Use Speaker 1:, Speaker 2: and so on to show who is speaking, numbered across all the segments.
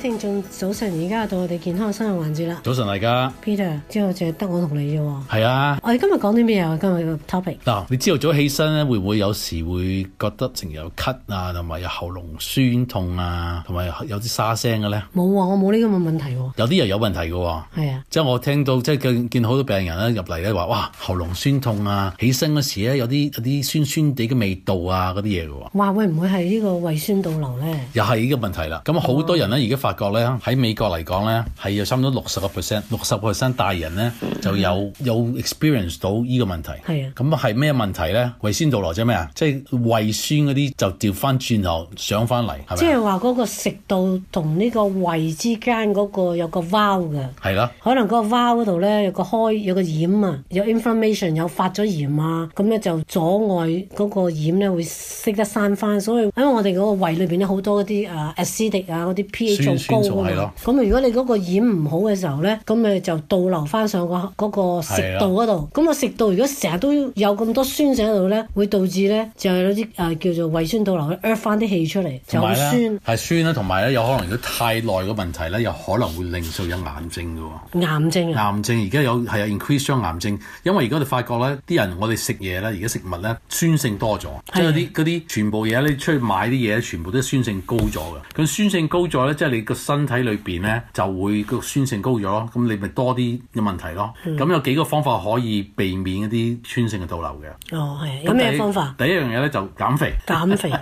Speaker 1: 聽眾早晨，而家到我哋健康嘅生活環節啦。早晨，大家 Peter，之後淨係得我同你啫。係啊，我哋今日講啲咩啊？今日個 topic
Speaker 2: 嗱，oh, 你朝頭早起身咧，會唔會有時會覺得成日有咳啊，同埋有喉嚨酸痛啊，同埋有啲沙聲嘅咧？
Speaker 1: 冇啊，我冇呢個問題啊。
Speaker 2: 有啲又有問題嘅，係啊，是啊即係我聽到即係見好多病人咧入嚟咧話，哇，喉嚨酸痛啊，起身嗰時咧有啲有啲酸酸地嘅味道啊，嗰啲嘢嘅。話
Speaker 1: 會唔會係呢個胃酸倒流咧？
Speaker 2: 又係呢個問題啦。咁好多人咧而家發覺咧喺美國嚟講咧，係有差唔多六十個 percent，六十 percent 大人咧就有有 experience 到依個問題。係啊，咁啊係咩問題咧？即胃酸倒來啫咩啊？即係胃酸嗰啲就掉翻轉頭上翻嚟，係咪？即係
Speaker 1: 話嗰個食道同呢個胃之間嗰個有個窩嘅，係咯、啊。可能嗰個窩嗰度咧有個開有個炎啊，有 inflammation 有發咗炎啊，咁咧就阻礙嗰個炎咧會識得散翻，所以因為我哋嗰個胃裏邊咧好多嗰啲誒 acid 啊嗰啲、啊、pH。高咯，咁啊如果你嗰個演唔好嘅時候咧，咁咪就倒流翻上個個食道嗰度，咁啊的食道如果成日都有咁多酸性喺度咧，會導致咧就係嗰啲誒叫做胃酸倒流咧噏翻啲氣出嚟，有就酸酸，啊，有
Speaker 2: 酸係酸啦，同埋咧有可能如果太耐嘅問題咧，又可能會令到有癌症噶喎，癌症，啊，癌症而家有係有 increase 咗癌症，因為而家我哋發覺咧，啲人我哋食嘢咧，而家食物咧酸性多咗，的即係啲嗰啲全部嘢咧出去買啲嘢咧，全部都酸性高咗嘅，咁酸性高咗咧，即係你。個身體裏邊咧就會個酸性高咗，咁你咪多啲嘅問題咯。咁、嗯、有幾個方法可以避免一啲酸性嘅倒流嘅。哦，係。
Speaker 1: 咁咩方法？
Speaker 2: 第一樣嘢咧就減肥。減肥。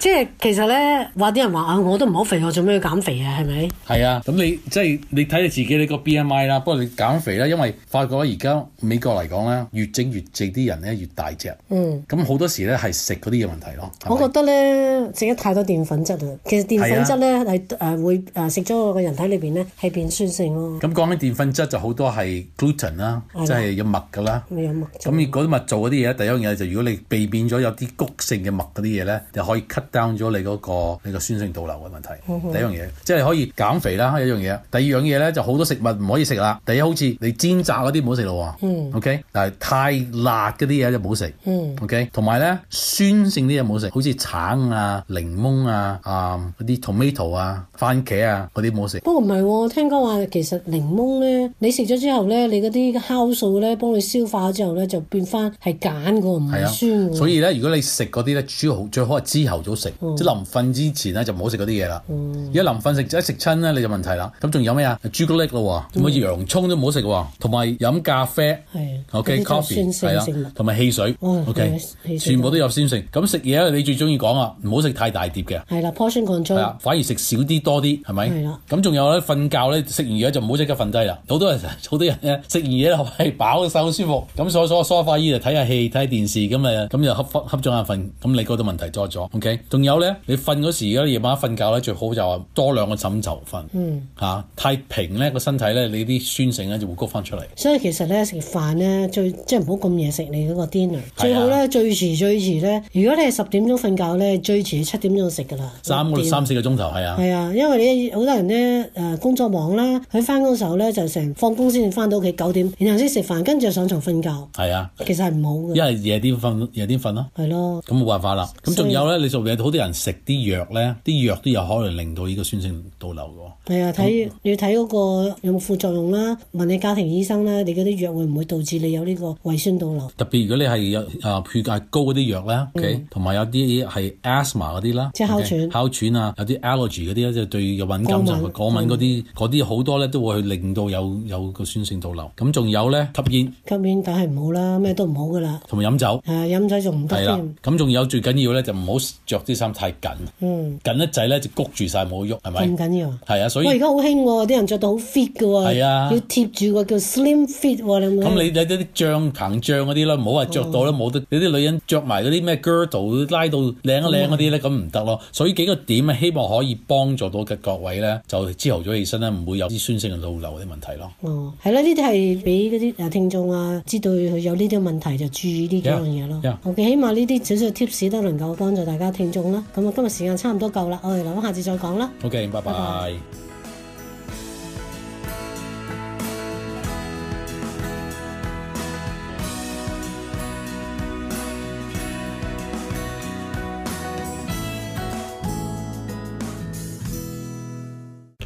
Speaker 1: 即係其實咧，話啲人話啊，我都唔好肥，我做咩要減肥啊？係咪？
Speaker 2: 係啊，咁你即係、就是、你睇你自己你個 B M I 啦。不過你減肥啦，因為發覺而家美國嚟講咧，越整越肥啲人咧，越大隻。嗯。咁好多時咧係食嗰啲嘢問題咯。
Speaker 1: 我覺得咧食得太多澱粉質啊，其實澱粉質咧係誒會誒食咗我個人體裏邊咧係變酸性咯。
Speaker 2: 咁講起澱粉質就好多係 gluten 啦，即係的有麥㗎啦。咁如果啲麥做嗰啲嘢第一樣嘢就是、如果你避免咗有啲谷性嘅麥嗰啲嘢咧，就可以 cut。down 咗你嗰、嗰個你個酸性倒流嘅問題，
Speaker 3: 好好第一樣嘢，
Speaker 2: 即係可以減肥啦。有樣嘢，第二樣嘢咧就好多食物唔可以食啦。第一樣好似你煎炸嗰啲唔好食咯。嗯。OK，但係太辣嗰啲嘢就唔好食。嗯。OK，同埋咧酸性啲嘢唔好食，好似橙啊、檸檬啊、啊嗰啲 tomato 啊、番茄啊嗰啲唔好食。不，不
Speaker 1: 過唔係、哦，聽講話其實檸檬咧，你食咗之後咧，你嗰啲酵素咧幫你消化咗之後咧，就變翻係鹼嘅唔酸、啊、所以
Speaker 2: 咧，如果你食嗰啲咧，最好最好係之後早。即係臨瞓之前咧就唔好食嗰啲嘢啦。而家臨瞓食一食親咧你就問題啦。咁仲有咩啊？朱古力咯，咁啊洋蔥都唔好食。同埋飲咖啡，OK coffee，係啦，同埋汽水，OK，全部都有先食。咁食嘢咧你最中意講啊，唔好食太大碟嘅。係啦
Speaker 1: ，portion control。
Speaker 2: 反而食少啲多啲，係咪？咁仲有咧，瞓覺咧食完嘢就唔好即刻瞓低啦。好多人，好多人咧食完嘢係飽晒好舒服，咁坐坐坐喺梳化椅就睇下戲睇下電視，咁咪咁就瞌瞌咗眼瞓，咁你嗰度問題多咗。OK。仲有咧，你瞓嗰時候，而家夜晚瞓覺咧，最好就話多兩個枕頭瞓嚇，太平咧個身體咧，你啲酸性咧就會谷翻出嚟。
Speaker 1: 所以其實咧食飯咧最即係唔好咁夜食你嗰個 dinner，最好咧最遲最遲咧，如果你係十點鐘瞓覺咧，最遲七點鐘食㗎啦。三
Speaker 2: 個三四個鐘頭，係啊，係啊，
Speaker 1: 因為你好多人咧誒、呃、工作忙啦，佢翻工時候咧就成放工先翻到屋企九點，然後先食飯，跟住上床瞓覺，係啊，其實係唔好嘅。因
Speaker 2: 係夜啲瞓，夜啲瞓咯，係
Speaker 1: 咯、
Speaker 2: 啊，咁冇辦法啦。咁仲有咧，以你做嘢。好多人食啲藥咧，啲藥都有可能令到呢個酸性倒流
Speaker 1: 嘅。係啊，睇要睇嗰個有冇副作用啦，問你家庭醫生啦，你嗰啲藥會唔會導致你有呢個胃酸倒流？
Speaker 2: 特別如果你係有啊血壓高嗰啲藥咧，OK，同埋有啲係 asthma 嗰啲啦，即係哮喘、哮喘啊，有啲 allergy 嗰啲咧，即係對有敏感就過敏嗰啲，嗰啲好多咧都會去令到有有個酸性倒流。咁仲有咧吸煙，
Speaker 1: 吸煙梗係唔好啦，咩都唔好嘅啦。
Speaker 2: 同埋飲酒，係啊，飲酒仲唔得添。咁仲有最緊要咧就唔好啲衫太緊，緊得滯咧就谷住晒，冇喐，係咪？唔緊要啊！係啊，所以我而家
Speaker 1: 好興喎，啲人着到好 fit 嘅喎，係啊、要貼住個叫 slim fit 喎。咁你
Speaker 2: 有啲啲脹膨脹嗰啲咧，唔好話着到咧冇得。你啲、哦、女人着埋嗰啲咩 girdle 拉到靚一靚嗰啲咧，咁唔得咯。所以幾個點希望可以幫助到嘅各位咧，就朝頭早起身咧，唔會有啲酸性嘅滲漏啲問題咯。哦，
Speaker 1: 係咯、啊，呢啲係俾嗰啲啊聽眾啊知道佢有呢啲問題就注意呢幾樣嘢咯。我嘅、嗯嗯 okay，起碼呢啲少少 tips 都能夠幫助大家聽。咁啊，今日時間差唔多夠啦，我哋留翻下次再講啦。
Speaker 2: OK，拜拜。拜拜。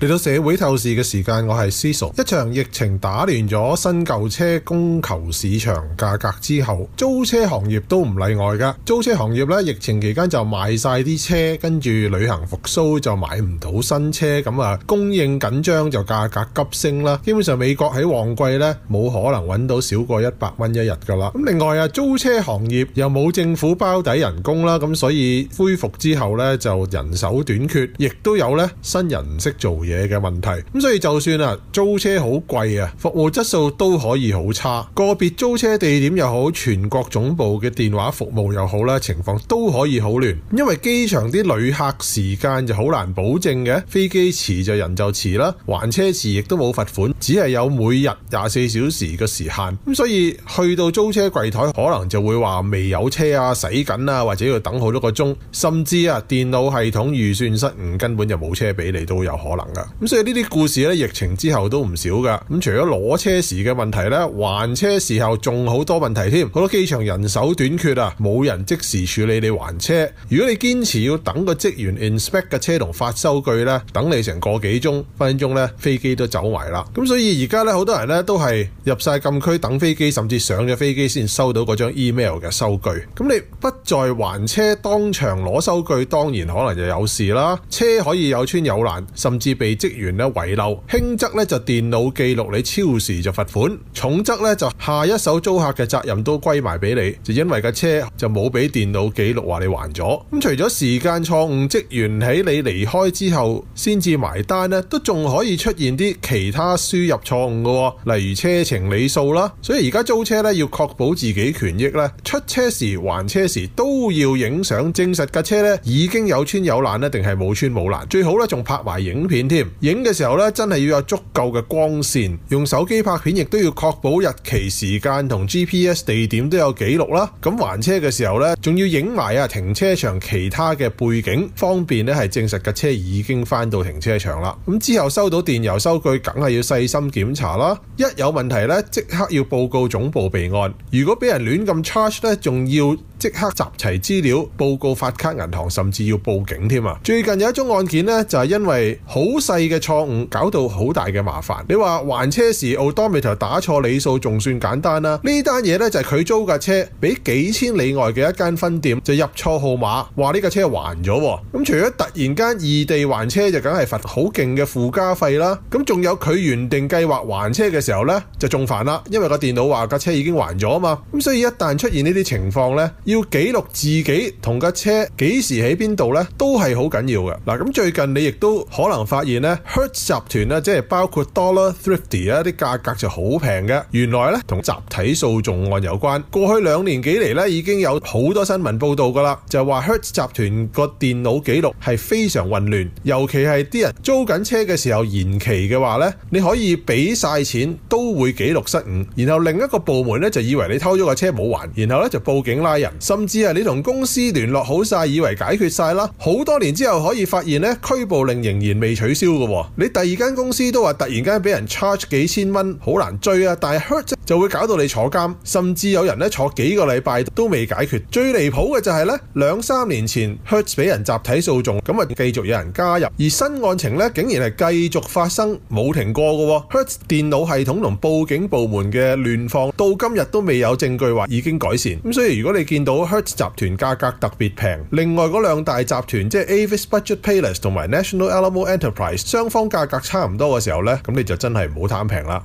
Speaker 3: 嚟到社會透視嘅時間，我係思熟。一場疫情打亂咗新舊車供求市場價格之後，租車行業都唔例外噶。租車行業咧，疫情期間就賣晒啲車，跟住旅行復蘇就買唔到新車，咁啊供應緊張就價格急升啦。基本上美國喺旺季呢，冇可能揾到少過一百蚊一日噶啦。咁另外啊，租車行業又冇政府包底人工啦，咁所以恢復之後呢，就人手短缺，亦都有呢新人唔識做嘢。嘅問題，咁，所以就算啊，租車好貴啊，服務質素都可以好差。個別租車地點又好，全國總部嘅電話服務又好啦，情況都可以好亂，因為機場啲旅客時間就好難保證嘅，飛機遲就人就遲啦。還車遲亦都冇罰款，只係有每日廿四小時嘅時限咁，所以去到租車櫃台，可能就會話未有車啊，洗緊啊，或者要等好多個鐘，甚至啊電腦系統預算失誤，根本就冇車俾你都有可能。咁所以呢啲故事咧，疫情之後都唔少噶。咁除咗攞車時嘅問題呢，還車時候仲好多問題添。好多機場人手短缺啊，冇人即時處理你還車。如果你堅持要等個職員 inspect 嘅車同發收據呢，等你成個幾鍾，分分鐘咧，飛機都走埋啦。咁所以而家呢，好多人呢都係入晒禁區等飛機，甚至上咗飛機先收到嗰張 email 嘅收據。咁你不在還車當場攞收據，當然可能就有事啦。車可以有穿有爛，甚至被被職員呢遺漏，輕則呢，就電腦記錄你超時就罰款，重則呢，就下一手租客嘅責任都歸埋俾你，就因為架車就冇俾電腦記錄話你還咗。咁除咗時間錯誤，職員喺你離開之後先至埋單呢，都仲可以出現啲其他輸入錯誤嘅，例如車程里數啦。所以而家租車呢，要確保自己權益呢，出車時、還車時都要影相證實架車呢已經有穿有爛咧，定係冇穿冇爛，最好呢，仲拍埋影片。影嘅時候咧，真係要有足夠嘅光線，用手機拍片亦都要確保日期、時間同 GPS 地點都有記錄啦。咁還車嘅時候呢，仲要影埋啊停車場其他嘅背景，方便呢係證實架車已經返到停車場啦。咁之後收到電郵收據，梗係要細心檢查啦。一有問題呢，即刻要報告總部備案。如果俾人亂咁 charge 呢，仲要即刻集齊資料，報告發卡銀行，甚至要報警添啊！最近有一宗案件呢，就係因為好細嘅錯誤搞到好大嘅麻煩。你話還車時，奧多 e r 打錯理數，仲算簡單啦。呢單嘢呢，就係佢租架車，俾幾千里外嘅一間分店就入錯號碼，話呢架車還咗。咁除咗突然間異地還車就梗係罰好勁嘅附加費啦。咁仲有佢原定計劃還車嘅時候呢，就仲煩啦，因為個電腦話架車已經還咗啊嘛。咁所以一旦出現呢啲情況呢，要記錄自己同架車幾時喺邊度呢，都係好緊要嘅。嗱，咁最近你亦都可能發現。咧 Hertz 集團咧，即係包括 Dollar Thrifty 啊，啲價格就好平嘅。原來咧同集體訴訟案有關。過去兩年幾嚟咧已經有好多新聞報道㗎啦，就話 Hertz 集團個電腦記錄係非常混亂，尤其係啲人租緊車嘅時候延期嘅話咧，你可以俾晒錢都會記錄失誤，然後另一個部門咧就以為你偷咗個車冇還，然後咧就報警拉人，甚至係你同公司聯絡好晒，以為解決晒啦，好多年之後可以發現咧拘捕令仍然未取消。嘅你第二間公司都話突然間俾人 charge 幾千蚊，好難追啊！但係 Hertz 就會搞到你坐監，甚至有人咧坐幾個禮拜都未解決。最離譜嘅就係咧，兩三年前 Hertz 俾人集體訴訟，咁啊繼續有人加入，而新案情呢竟然係繼續發生，冇停過嘅喎。Hertz 電腦系統同報警部門嘅亂放，到今日都未有證據話已經改善。咁所以如果你見到 Hertz 集團價格特別平，另外嗰兩大集團即係 Avis Budget Payless 同埋 National Alamo Enterprise。雙方價格差唔多嘅時候咧，咁你就真係唔好貪平啦。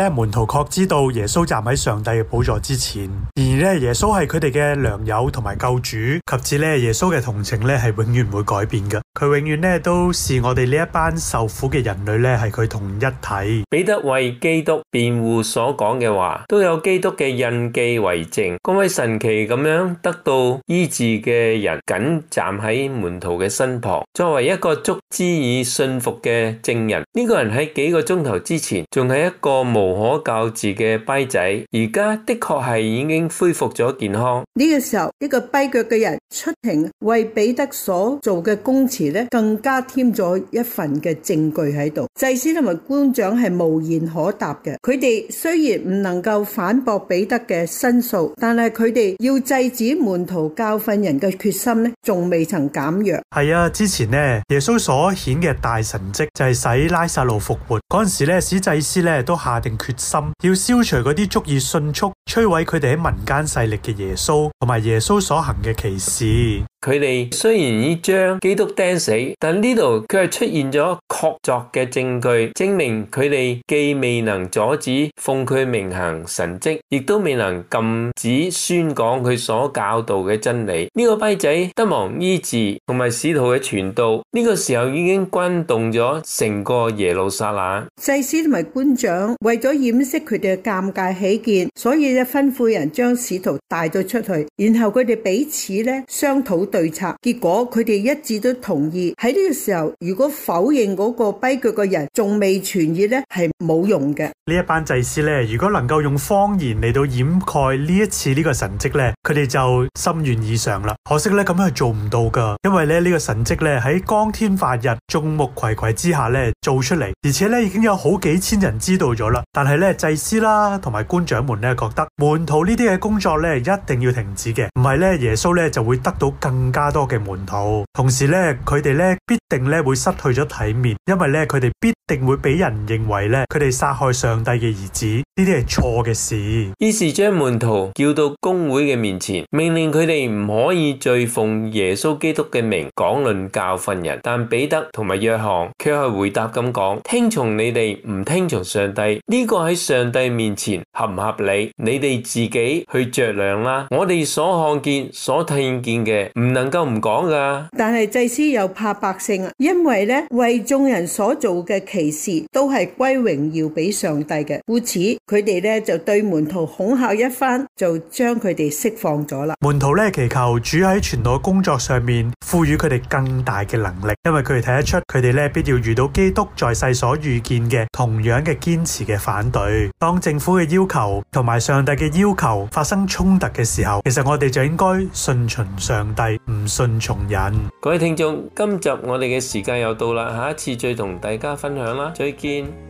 Speaker 4: 咧門徒確知道耶穌站喺上帝嘅寶座之前，而咧耶穌係佢哋嘅良友同埋救主，及至咧耶穌嘅同情咧係永遠唔會改變嘅，佢永遠咧都視我哋呢一班受苦嘅人類咧係佢同一體。
Speaker 5: 彼得為基督辯護所講嘅話，都有基督嘅印記為證。各位神奇咁樣得到醫治嘅人，緊站喺門徒嘅身旁，作為一個足資以信服嘅證人。呢個人喺幾個鐘頭之前仲係一個無。無可救治嘅跛仔，而家的確係已經恢復咗健康。
Speaker 6: 呢個時候，一個跛腳嘅人出庭為彼得所做嘅供詞呢，更加添咗一份嘅證據喺度。祭司同埋官長係無言可答嘅，佢哋雖然唔能夠反駁彼得嘅申訴，但係佢哋要制止門徒教訓人嘅決心呢，仲未曾減弱。
Speaker 4: 係啊，之前呢，耶穌所顯嘅大神跡就係使拉撒路復活嗰陣時咧，使祭司呢都下定。決心要消除嗰啲足以迅速摧毀佢哋喺民間勢力嘅耶穌，同埋耶穌所行嘅奇事。佢哋雖
Speaker 5: 然已將基督釘死，但呢度卻係出現咗確鑿嘅證據，證明佢哋既未能阻止奉佢名行神蹟，亦都未能禁止宣講佢所教導嘅真理。呢個跛仔得蒙醫治，同埋使徒嘅傳道呢個時候已經轟動咗成個耶路撒冷，
Speaker 6: 祭司同埋官長，為咗，掩飾佢哋嘅尷尬起見，所以咧吩咐人將使徒帶咗出去，然後佢哋彼此咧商討對策。結果佢哋一致都同意喺呢個時候，如果否認嗰個跛腳嘅人仲未痊癒咧，係冇用嘅。
Speaker 4: 呢一班祭司咧，如果能夠用方言嚟到掩蓋呢一次呢個神跡咧，佢哋就心願已償啦。可惜咧，咁樣係做唔到噶，因為咧呢個神跡咧喺光天化日、眾目睽睽之下咧做出嚟，而且咧已經有好幾千人知道咗啦。但係咧，祭司啦，同埋官長們咧，覺得門徒呢啲嘅工作咧，一定要停止嘅。唔係咧，耶穌咧就會得到更加多嘅門徒，同時咧佢哋咧必定咧會失去咗體面，因為咧佢哋必定會俾人認為咧佢哋殺害上帝嘅兒子。呢啲係錯嘅事，於是將門
Speaker 5: 徒叫到公會嘅面前，命令佢哋唔可以再奉耶穌基督嘅名講論教訓人。但彼得同埋約翰卻係回答咁講：聽從你哋，唔聽從上帝呢、這個喺上帝面前合唔合理？你哋自己去酌量啦。我哋所看見、所聽見嘅，唔能夠唔講噶。
Speaker 6: 但係祭司又怕百姓啊，因為呢，為眾人所做嘅奇事，都係歸榮耀俾上帝嘅，故此。佢哋咧就對門徒恐吓一番，就將佢哋釋放咗啦。
Speaker 4: 門徒咧祈求主喺傳道工作上面賦予佢哋更大嘅能力，因為佢哋睇得出佢哋咧必要遇到基督在世所遇見嘅同樣嘅堅持嘅反對。當政府嘅要求同埋上帝嘅要求發生衝突嘅時候，其實我哋就應該順從上帝，唔順從人。
Speaker 5: 各位聽眾，今集我哋嘅時間又到啦，下一次再同大家分享啦，再見。